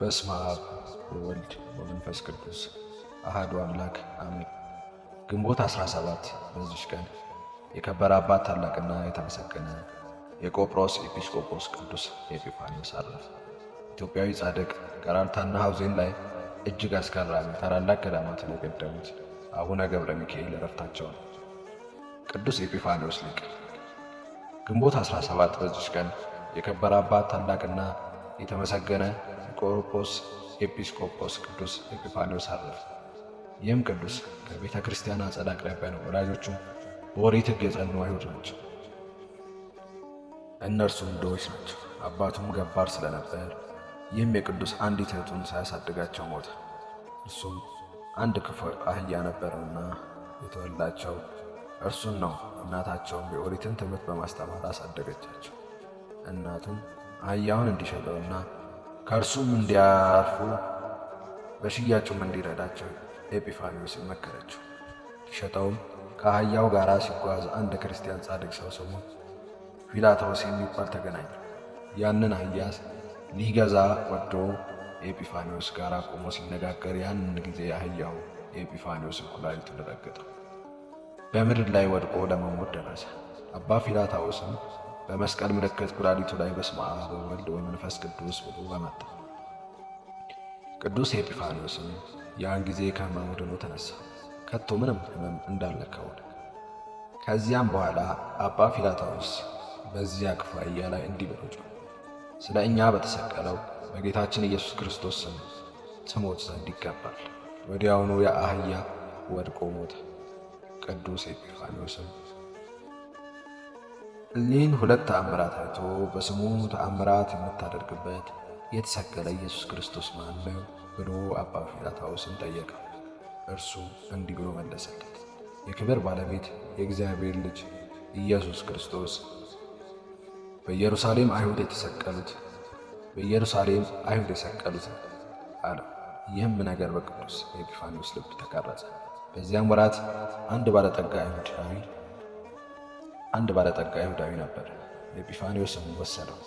በስመ አብ ወወልድ ወመንፈስ ቅዱስ አህዱ አምላክ አሜን። ግንቦት 17 በዚች ቀን የከበረ አባት ታላቅና የተመሰገነ የቆጵሮስ ኤጲስቆጶስ ቅዱስ ኤጲፋንዮስ አረፈ። ኢትዮጵያዊ ጻድቅ ገራልታና ሐውዜን ላይ እጅግ አስገራሚ ታላላቅ ገዳማትን የገደሙት አቡነ ገብረ ሚካኤል እረፍታቸው ነው። ቅዱስ ኤጲፋንዮስ ሊቅ ግንቦት 17 በዚች ቀን የከበረ አባት ታላቅና የተመሰገነ ቆሮጶስ ኤጲስቆጶስ ቅዱስ ኤጲፋንዮስ አረፈ። ይህም ቅዱስ ከቤተ ክርስቲያን አጸድ አቅራቢያ ነው። ወላጆቹ በኦሪት ሕግ የጸኑ አይሁድ ናቸው። እነርሱም ድሆች ናቸው። አባቱም ገባር ስለነበር ይህም የቅዱስ አንዲት እህቱን ሳያሳድጋቸው ሞተ። እርሱም አንድ ክፉ አህያ ነበርና የተወላቸው እርሱን ነው። እናታቸውም የኦሪትን ትምህርት በማስተማር አሳደገቻቸው። እናቱም አህያውን እንዲሸጠውና ከእርሱም እንዲያርፉ በሽያጩም እንዲረዳቸው ኤጲፋኒዎስ መከረችው። ሸጠውም ከአህያው ጋር ሲጓዝ አንድ ክርስቲያን ጻድቅ ሰው ስሙ ፊላታዎስ የሚባል ተገናኘ። ያንን አህያስ ሊገዛ ወዶ ኤጲፋኒዎስ ጋር ቆሞ ሲነጋገር ያንን ጊዜ አህያው የኤጲፋኒዎስ ኩላሊቱን ረገጠው። በምድር ላይ ወድቆ ለመሞት ደረሰ። አባ ፊላታውስም በመስቀል ምልክት ኩላሊቱ ላይ በስመ አብ ወወልድ ወመንፈስ ቅዱስ ብሎ አመጣ። ቅዱስ ኤጲፋንዮስም ያን ጊዜ ከሕመሙ ድኖ ተነሳ፣ ከቶ ምንም ህመም እንዳልነካው። ከዚያም በኋላ አባ ፊላታውስ በዚያ ክፋ ላይ እንዲህ ብሎ ስለ እኛ በተሰቀለው በጌታችን ኢየሱስ ክርስቶስ ስም ትሞት ዘንድ ይገባል። ወዲያውኑ የአህያ ወድቆ ሞተ። ቅዱስ ኤጲፋንዮስም እኒህን ሁለት ተአምራት አይቶ በስሙ ተአምራት የምታደርግበት የተሰቀለ ኢየሱስ ክርስቶስ ማን ነው ብሎ አባ ፊላታውስን ጠየቀ። እርሱ እንዲህ ብሎ መለሰለት፣ የክብር ባለቤት የእግዚአብሔር ልጅ ኢየሱስ ክርስቶስ በኢየሩሳሌም አይሁድ የተሰቀሉት በኢየሩሳሌም አይሁድ የሰቀሉት አለ። ይህም ነገር በቅዱስ ኤጲፋንዮስ ልብ ተቀረጸ። በዚያም ወራት አንድ ባለጠጋ አይሁዳዊ አንድ ባለጠጋ ይሁዳዊ ነበር። ኤጲፋኒዎስም ወሰደው፣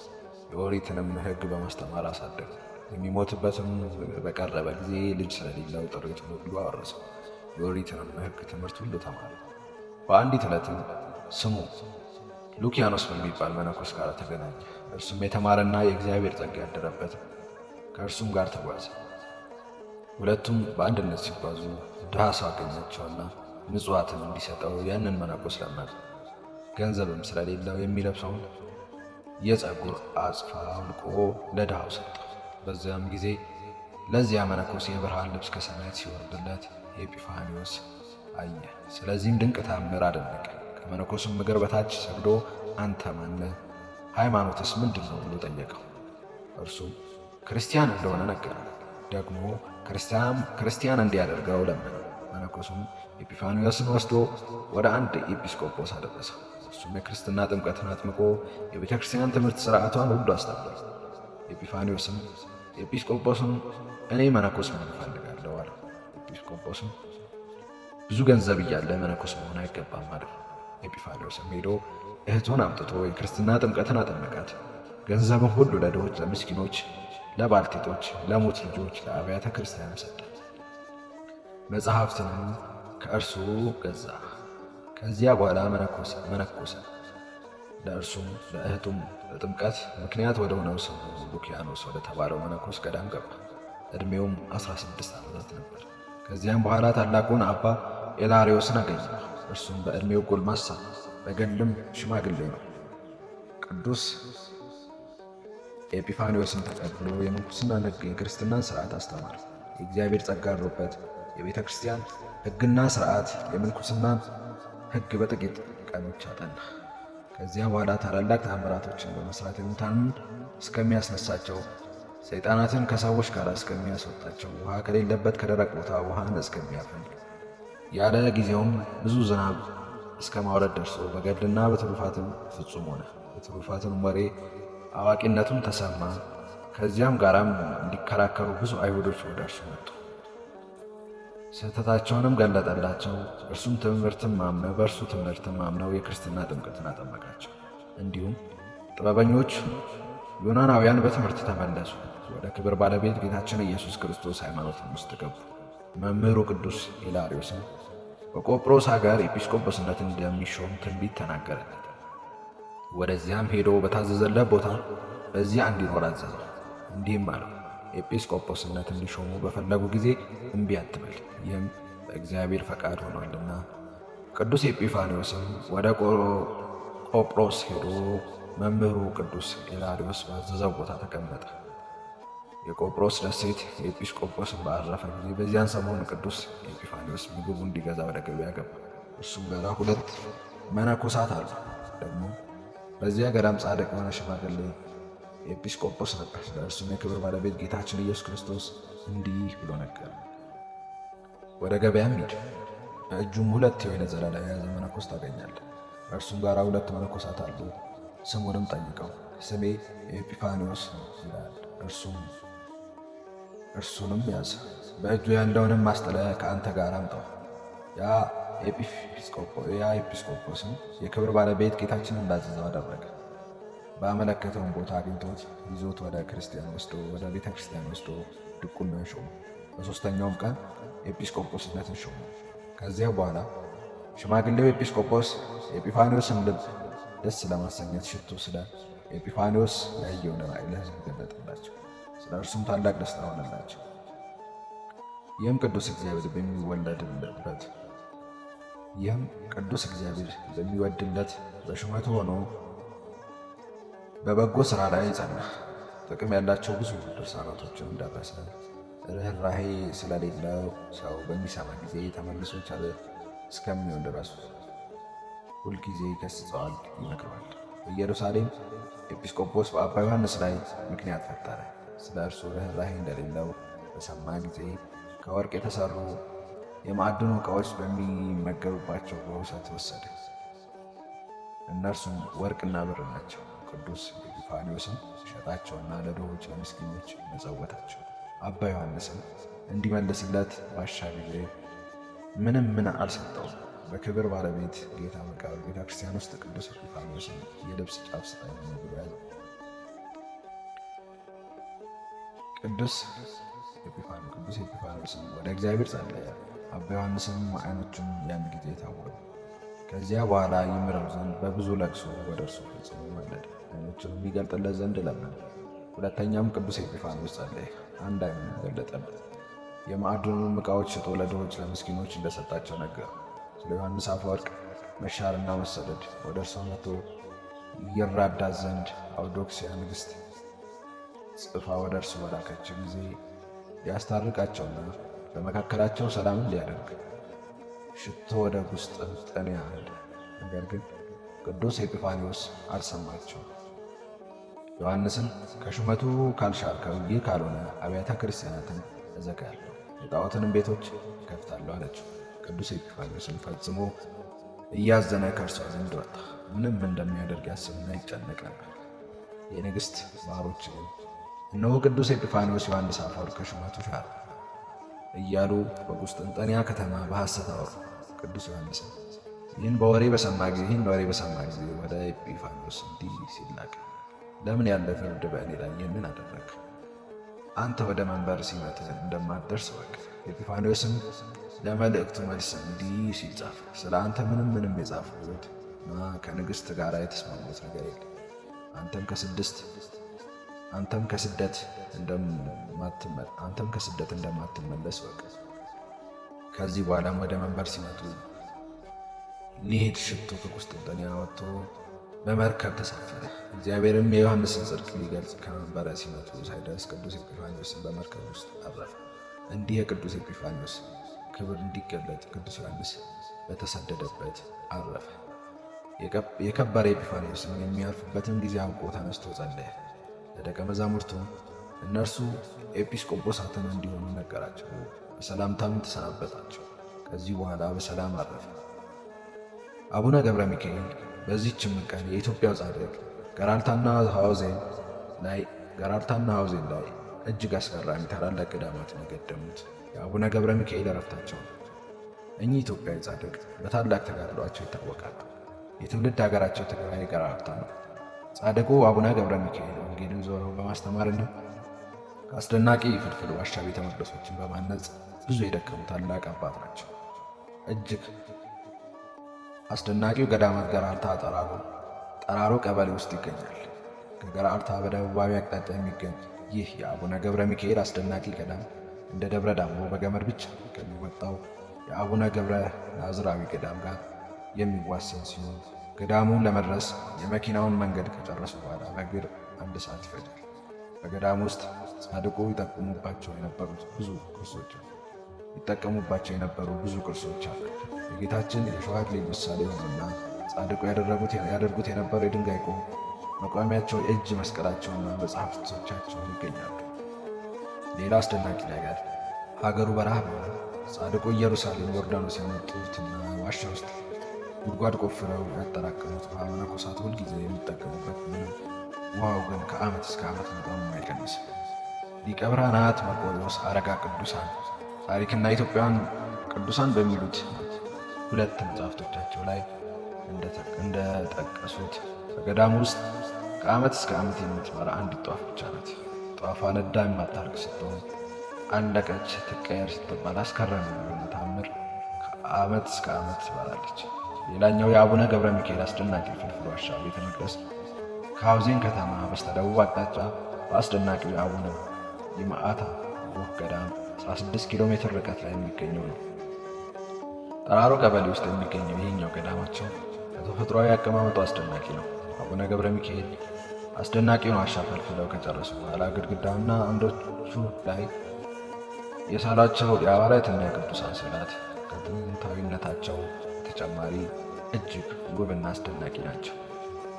የኦሪትንም ሕግ በማስተማር አሳደገ። የሚሞትበትም በቀረበ ጊዜ ልጅ ስለሌለው ጥሪቱን ሁሉ አወረሰው። የኦሪትንም ሕግ ትምህርት ሁሉ ተማረ። በአንዲት ዕለትም ስሙ ሉኪያኖስ በሚባል መነኮስ ጋር ተገናኘ። እርሱም የተማረና የእግዚአብሔር ጸጋ ያደረበት ከእርሱም ጋር ተጓዘ። ሁለቱም በአንድነት ሲጓዙ ድሃ ሰው አገኛቸውና ምጽዋትን እንዲሰጠው ያንን መነኮስ ለመነ። ገንዘብም ስለሌለው የሚለብሰውን የፀጉር አጽፋ አውልቆ ለድሃው ሰጠው። በዚያም ጊዜ ለዚያ መነኮስ የብርሃን ልብስ ከሰማያት ሲወርድለት ኤጲፋኒዎስ አየ። ስለዚህም ድንቅ ታምር አደነቀ። ከመነኮስም እግር በታች ሰግዶ አንተ ማነ? ሃይማኖትስ ምንድን ነው ብሎ ጠየቀው። እርሱም ክርስቲያን እንደሆነ ነገረ። ደግሞ ክርስቲያን እንዲያደርገው ለመነው። መነኮሱም ኤጲፋኒዎስን ወስዶ ወደ አንድ ኤጲስቆጶስ አደረሰው። እሱም የክርስትና ጥምቀትን አጥምቆ የቤተ ክርስቲያን ትምህርት ስርዓቷን ሁሉ አስተምሯል። ኤጲፋኒዎስም ኤጲስቆጶስም እኔ መነኮስ መሆን እፈልጋለሁ አለ። ኤጲስቆጶስም ብዙ ገንዘብ እያለ መነኮስ መሆን አይገባም ማለት ኤጲፋኒዎስም ሄዶ እህቱን አምጥቶ የክርስትና ጥምቀትን አጠመቃት። ገንዘብን ሁሉ ለድሆች፣ ለምስኪኖች፣ ለባልቴቶች፣ ለሞት ልጆች፣ ለአብያተ ክርስቲያን ሰጠ። መጽሐፍትንም ከእርሱ ገዛ። ከዚያ በኋላ መነኮሰ መነኮሰ ለእርሱም ለእህቱም ለጥምቀት ምክንያት ወደ ሆነው ሰው ሉኪያኖስ ወደ ተባለው መነኮስ ገዳም ገባ። ዕድሜውም 16 ዓመታት ነበር። ከዚያም በኋላ ታላቁን አባ ኤላሪዮስን አገኘ። እርሱም በዕድሜው ጎልማሳ በገድልም ሽማግሌ ነው። ቅዱስ ኤጲፋኒዎስን ተቀብሎ የምንኩስና ሕግ የክርስትናን ስርዓት አስተማር። የእግዚአብሔር ጸጋ አድሮበት የቤተ ክርስቲያን ሕግና ስርዓት የምንኩስናን ሕግ በጥቂት ቀኖች አጠና። ከዚያ በኋላ ታላላቅ ተአምራቶችን በመስራት የሙታንን እስከሚያስነሳቸው ሰይጣናትን ከሰዎች ጋር እስከሚያስወጣቸው ውሃ ከሌለበት ከደረቅ ቦታ ውሃን እስከሚያፈል ያለ ጊዜውም ብዙ ዝናብ እስከ ማውረድ ደርሶ በገድልና በትሩፋትም ፍጹም ሆነ። የትሩፋትን ወሬ አዋቂነቱም ተሰማ። ከዚያም ጋራም እንዲከራከሩ ብዙ አይሁዶች ወደ እርሱ መጡ። ስህተታቸውንም ገለጠላቸው። እርሱም ትምህርትን ማምነው በእርሱ ትምህርትን ማምነው የክርስትና ጥምቀትን አጠመቃቸው። እንዲሁም ጥበበኞች ዮናናውያን በትምህርት ተመለሱ። ወደ ክብር ባለቤት ጌታችን ኢየሱስ ክርስቶስ ሃይማኖትን ውስጥ ገቡ። መምህሩ ቅዱስ ሂላሪዮስም በቆጵሮስ ሀገር ኤጲስቆጶስነት እንደሚሾም ትንቢት ተናገረለት። ወደዚያም ሄዶ በታዘዘለት ቦታ በዚያ እንዲኖር አዘዘ። እንዲህም አለው ኤጲስቆጶስነት እንዲሾሙ በፈለጉ ጊዜ እምቢ አትበል፣ ይህም በእግዚአብሔር ፈቃድ ሆኗልና። ቅዱስ ኤጲፋንዮስም ወደ ቆጵሮስ ሄዶ መምህሩ ቅዱስ ኢላሪዮስ ባዘዘው ቦታ ተቀመጠ። የቆጵሮስ ደሴት ኤጲስቆጶስን ባረፈ ጊዜ በዚያን ሰሞን ቅዱስ ኤጲፋንዮስ ምግቡ እንዲገዛ ወደ ገበያ ገባ። እሱም ጋራ ሁለት መነኮሳት አሉ። ደግሞ በዚያ ገዳም ጻድቅ የሆነ ሽማግሌ ኤጲስቆጶስ ነበር። ለእርሱም የክብር ባለቤት ጌታችን ኢየሱስ ክርስቶስ እንዲህ ብሎ ነገር ወደ ገበያም ሂድ፣ በእጁም ሁለት የሆነ ዘለላ የያዘ መነኮስ ታገኛለህ። እርሱም ጋር ሁለት መነኮሳት አሉ። ስሙንም ጠይቀው፣ ስሜ ኤጲፋኒዎስ ነው ይላል። እርሱንም ያዘ፣ በእጁ ያለውንም ማስጠለያ ከአንተ ጋር አምጠው። ያ ኤጲስቆጶስም የክብር ባለቤት ጌታችን እንዳዘዘው አደረገ። ባመለከተውን ቦታ አግኝቶት ይዞት ወደ ክርስቲያን ወስዶ ወደ ቤተ ክርስቲያን ወስዶ ድቁና ሾሙ። በሶስተኛውም ቀን ኤጲስቆጶስነትን ሾሙ። ከዚያ በኋላ ሽማግሌው ኤጲስቆጶስ የኤጲፋኒዎስን ልብ ደስ ለማሰኘት ሽቶ ስለ ኤጲፋኒዎስ ያየውን ራእይ ለሕዝብ ገለጠላቸው። ስለ እርሱም ታላቅ ደስታ ሆነላቸው። ይህም ቅዱስ እግዚአብሔር በሚወለድበት ይህም ቅዱስ እግዚአብሔር በሚወድለት በሹመቱ ሆኖ በበጎ ስራ ላይ ጸናህ። ጥቅም ያላቸው ብዙ ድርሳናቶችን ደረሰ። ርኅራሄ ስለሌለው ሰው በሚሰማ ጊዜ ተመልሶ ቻለ እስከሚሆን ድረስ ሁልጊዜ ይገሥጸዋል፣ ይመክረዋል። በኢየሩሳሌም ኤጲስቆጶስ በአባ ዮሐንስ ላይ ምክንያት ፈጠረ። ስለ እርሱ ርኅራሄ እንደሌለው በሰማ ጊዜ ከወርቅ የተሰሩ የማዕድኑ ዕቃዎች በሚመገቡባቸው በውሰት ወሰደ። እነርሱም ወርቅና ብር ናቸው። ቅዱስ ኤጲፋንዮስም ሲሸጣቸውና ለድሆች ለምስኪኖች መጸወታቸው። አባ ዮሐንስን እንዲመልስለት ባሻ ጊዜ ምንም ምን አልሰጠው። በክብር ባለቤት ጌታ መቃብር ቤተ ክርስቲያን ውስጥ ቅዱስ ኤጲፋንዮስን የልብስ ጫፍ ስጠኝ ብሎ ያዘው። ቅዱስ ኤጲፋንዮስም ወደ እግዚአብሔር ጸለየ። አባ ዮሐንስም አይኖቹም ያን ጊዜ ታወሩ። ከዚያ በኋላ ይምረው ዘንድ በብዙ ለቅሶ ወደ እርሱ ፈጽሞ ወለደ። የሚገልጥለት ዘንድ ለመነ። ሁለተኛም ቅዱስ ኤጲፋንዮስ ጸለየ። አንድ ዓይኑን ገለጠበት። የማዕድኑንም ዕቃዎች ሽጦ ለድሆች ለምስኪኖች እንደሰጣቸው ነገር። ስለ ዮሐንስ አፈወርቅ መሻርና መሰደድ ወደ እርሷ መጥቶ ይራዳ ዘንድ አውዶክሲያ ንግሥት ጽፋ ወደ እርሱ በላከችው ጊዜ ሊያስታርቃቸውና በመካከላቸው ሰላምን ሊያደርግ ሽቶ ወደ ውስጥ ጠን ያህል ነገር ግን ቅዱስ ኤጲፋኒዎስ አልሰማቸው። ዮሐንስን ከሹመቱ ካልሻርከው ይህ ካልሆነ አብያተ ክርስቲያናትን እዘጋለሁ፣ የጣዖትንም ቤቶች እከፍታለሁ አለችው። ቅዱስ ኤጲፋኒዎስን ፈጽሞ እያዘነ ከእርሷ ዘንድ ወጣ። ምንም እንደሚያደርግ ያስብና ይጨነቅ ነበር። የንግሥት ባሮች ግን እነሆ ቅዱስ ኤጲፋኒዎስ ዮሐንስ አፈወርቅ ከሹመቱ ሻር እያሉ በቁስጥንጠንያ ከተማ በሐሰት አወሩ። ቅዱስ ዮሐንስ ይህን በወሬ በሰማ ጊዜ ይህን በወሬ በሰማ ጊዜ ወደ ኤጲፋኖስ እንዲህ ሲል ለምን ያለ ፍርድ በእኔ ላይ ይህንን አደረግ? አንተ ወደ መንበር ሲመትህ እንደማትደርስ ወቅ። ኤጲፋኖስም ለመልእክቱ መልስ እንዲህ ሲል ጻፈ። ስለ አንተ ምንም ምንም የጻፍኩት ከንግሥት ጋር የተስማሙት ነገር የለም። አንተም ከስድስት አንተም ከስደት እንደማትመለስ ወቅ ከዚህ በኋላም ወደ መንበር ሲመጡ ሊሄድ ሽቶ ከቁስጥንጥንያ ወጥቶ በመርከብ ተሳፈረ። እግዚአብሔርም የዮሐንስን ጽድቅ ሊገልጽ ከመንበረ ሲመጡ ሳይደርስ ቅዱስ ኤጲፋኒዎስን በመርከብ ውስጥ አረፈ። እንዲህ የቅዱስ ኤጲፋኒዎስ ክብር እንዲገለጥ ቅዱስ ዮሐንስ በተሰደደበት አረፈ። የከበረ ኤጲፋኒዎስም የሚያርፍበትን ጊዜ አውቆ ተነስቶ ጸለየ። ለደቀ መዛሙርቱ እነርሱ ኤጲስቆጶሳትን እንዲሆኑ ነገራቸው። በሰላምታም ተሰናበታቸው። ከዚህ በኋላ በሰላም አረፈ። አቡነ ገብረ ሚካኤል በዚህችም ቀን የኢትዮጵያ ጻድቅ ገራልታና ሐውዜን ላይ ገራልታና ሐውዜን ላይ እጅግ አስገራሚ ታላላቅ ገዳማትን የገደሙት የአቡነ ገብረ ሚካኤል እረፍታቸው ነው። እኚህ ኢትዮጵያዊ ጻድቅ በታላቅ ተጋድሏቸው ይታወቃሉ። የትውልድ ሀገራቸው ትግራይ ገራልታ ነው። ጻድቁ አቡነ ገብረ ሚካኤል ወንጌልን ዞረው በማስተማር አስደናቂ ፍልፍል ዋሻ ቤተ መቅደሶችን በማነጽ ብዙ የደከሙ ታላቅ አባት ናቸው። እጅግ አስደናቂው ገዳማት ገራርታ ጠራሮ ጠራሮ ቀበሌ ውስጥ ይገኛል። ከገራርታ በደቡባዊ አቅጣጫ የሚገኝ ይህ የአቡነ ገብረ ሚካኤል አስደናቂ ገዳም እንደ ደብረ ዳሞ በገመድ ብቻ ከሚወጣው የአቡነ ገብረ ናዝራዊ ገዳም ጋር የሚዋሰን ሲሆን ገዳሙን ለመድረስ የመኪናውን መንገድ ከጨረሱ በኋላ በእግር አንድ ሰዓት ይፈጃል። በገዳም ውስጥ ጻድቁ ይጠቀሙባቸው የነበሩት ብዙ ቅርሶች ይጠቀሙባቸው የነበሩ ብዙ ቅርሶች አሉ። የጌታችን የሸዋት ልጅ ምሳሌ ሆነና ጻድቁ ያደርጉት የነበረው የድንጋይ ቆም መቋሚያቸው፣ የእጅ መስቀላቸውና መጽሐፍቶቻቸው ይገኛሉ። ሌላ አስደናቂ ነገር ሀገሩ በረሃብ ጻድቁ ኢየሩሳሌም ዮርዳኖስ ያመጡትና ዋሻ ውስጥ ጉድጓድ ቆፍረው ያጠራቀሙት ውሃ መነኮሳት ሁልጊዜ የሚጠቀሙበት ነው። ዋው ግን ከዓመት እስከ ዓመት መጠኑ አይቀንስ። ሊቀ ብርሃናት መቆሎስ አረጋ ቅዱሳን ታሪክና ኢትዮጵያን ቅዱሳን በሚሉት ሁለት መጽሐፍቶቻቸው ላይ እንደጠቀሱት በገዳም ውስጥ ከዓመት እስከ ዓመት የምትመራ አንድ ጧፍ ብቻ ናት። ጧፏ ነዳ የማታርቅ ስትሆን አለቀች ትቀየር ስትባል አስከረም የሆነ ታምር ከዓመት እስከ ዓመት ትበራለች። ሌላኛው የአቡነ ገብረ ሚካኤል አስደናቂ ፍልፍል ዋሻ ቤተ መቅደስ ከሐውዜን ከተማ በስተደቡብ አቅጣጫ በአስደናቂው የአቡነ ይምዓታ ቦክ ገዳም 16 ኪሎ ሜትር ርቀት ላይ የሚገኘው ነው። ጠራሮ ቀበሌ ውስጥ የሚገኘው ይህኛው ገዳማቸው በተፈጥሯዊ አቀማመጡ አስደናቂ ነው። አቡነ ገብረ ሚካኤል አስደናቂውን ዋሻ ፈልፍለው ከጨረሱ በኋላ ግድግዳውና አምዶቹ ላይ የሳሏቸው የሐዋርያትና የቅዱሳን ስዕላት ከጥንታዊነታቸው በተጨማሪ እጅግ ውብና አስደናቂ ናቸው።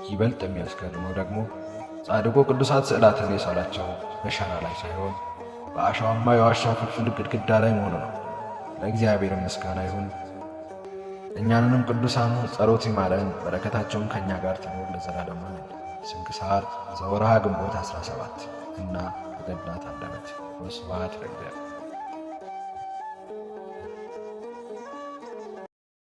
ይበልጥ የሚያስገርመው ደግሞ ጻድቁ ቅዱሳት ስዕላትን የሳላቸው በሸራ ላይ ሳይሆን በአሸዋማ የዋሻ ፍልፍል ግድግዳ ላይ መሆኑ ነው። ለእግዚአብሔር ምስጋና ይሁን። እኛንንም ቅዱሳኑ ጸሎት ይማረን፣ በረከታቸውን ከእኛ ጋር ትኖር ለዘላለሙ። ስንክሳር ዘወርሃ ግንቦት 17 እና ተገድላት አንደበት። ወስብሐት ለእግዚአብሔር።